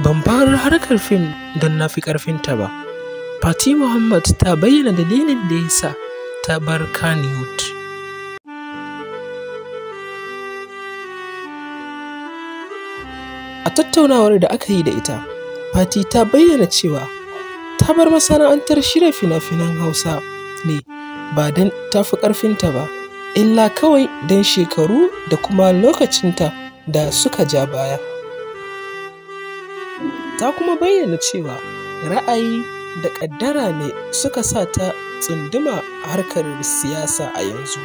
Ban fara harkar fim don na fi ƙarfinta ba. Fati Muhammad ta bayyana dalilin da ya sa ta bar kanihut A tattaunawar da aka yi da ita, Fati ta bayyana cewa ta bar masana'antar shirya fina-finan Hausa ne ba don ta fi ƙarfinta ba, illa kawai don shekaru da kuma lokacinta da suka ja baya. ta kuma bayyana cewa ra'ayi da ƙaddara ne suka sa ta tsunduma harkar siyasa a yanzu.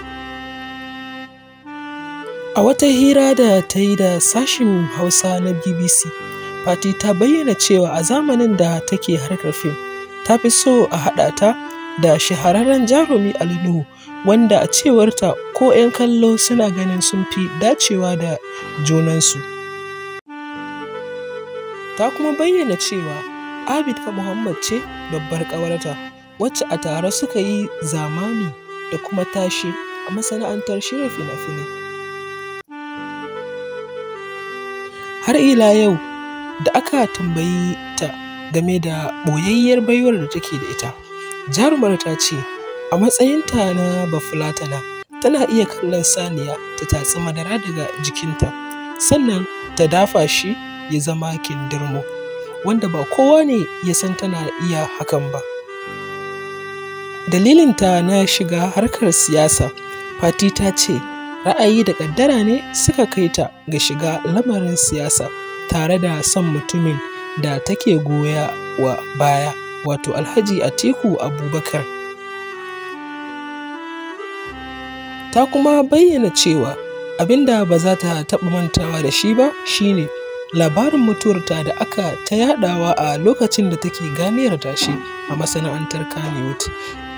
A wata hira da ta yi da sashin Hausa na BBC, Fati ta bayyana cewa a zamanin da take harkar fim, ta fi so a haɗa ta da shahararren jarumi alinu wanda a cewarta ko 'yan kallo suna ganin sun fi dacewa da junansu. ta kuma bayyana cewa Abid abida muhammad ce babbar ƙawarta wacce a tare suka yi zamani da kuma tashi a masana'antar shirin fina-finai har ila yau da aka tambayi ta game da boyayyar baiwar da take da ita jarumar ta ce a matsayinta na bafulatana tana iya kallon saniya ta tatsi madara daga jikinta sannan ta dafa shi ya zama kindirmo wanda ba kowa ne ya san tana iya hakan ba dalilinta na shiga harkar siyasa fati ta ce ra'ayi da ƙaddara ne suka kai ta ga shiga lamarin siyasa tare da son mutumin da take goya wa baya wato alhaji atiku abubakar ta kuma bayyana cewa abinda ba za ta taɓa mantawa da shi ba shine labarin mutuwarta da aka ta yadawa a lokacin da take ganiyar tashi a masana'antar kanewood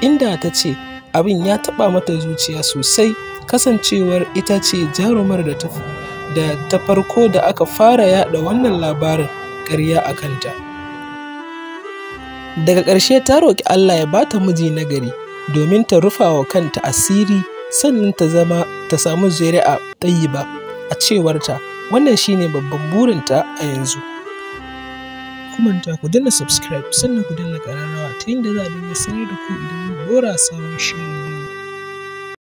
inda ta ce abin ya taba mata zuciya sosai kasancewar ita ce jarumar da ta farko da aka fara yada wannan labarin ƙarya a kanta daga ƙarshe ta roƙi allah ya bata miji nagari domin ta rufa wa kanta asiri sannan ta zama ta samu zuri'a tayyiba a cewarta Wannan shine babban burinta a yanzu. Kumanta ku dina subscribe sannan ku danna ƙararrawa ta yadda za a dinga sanar da ku idan mun ɗora sabon shirin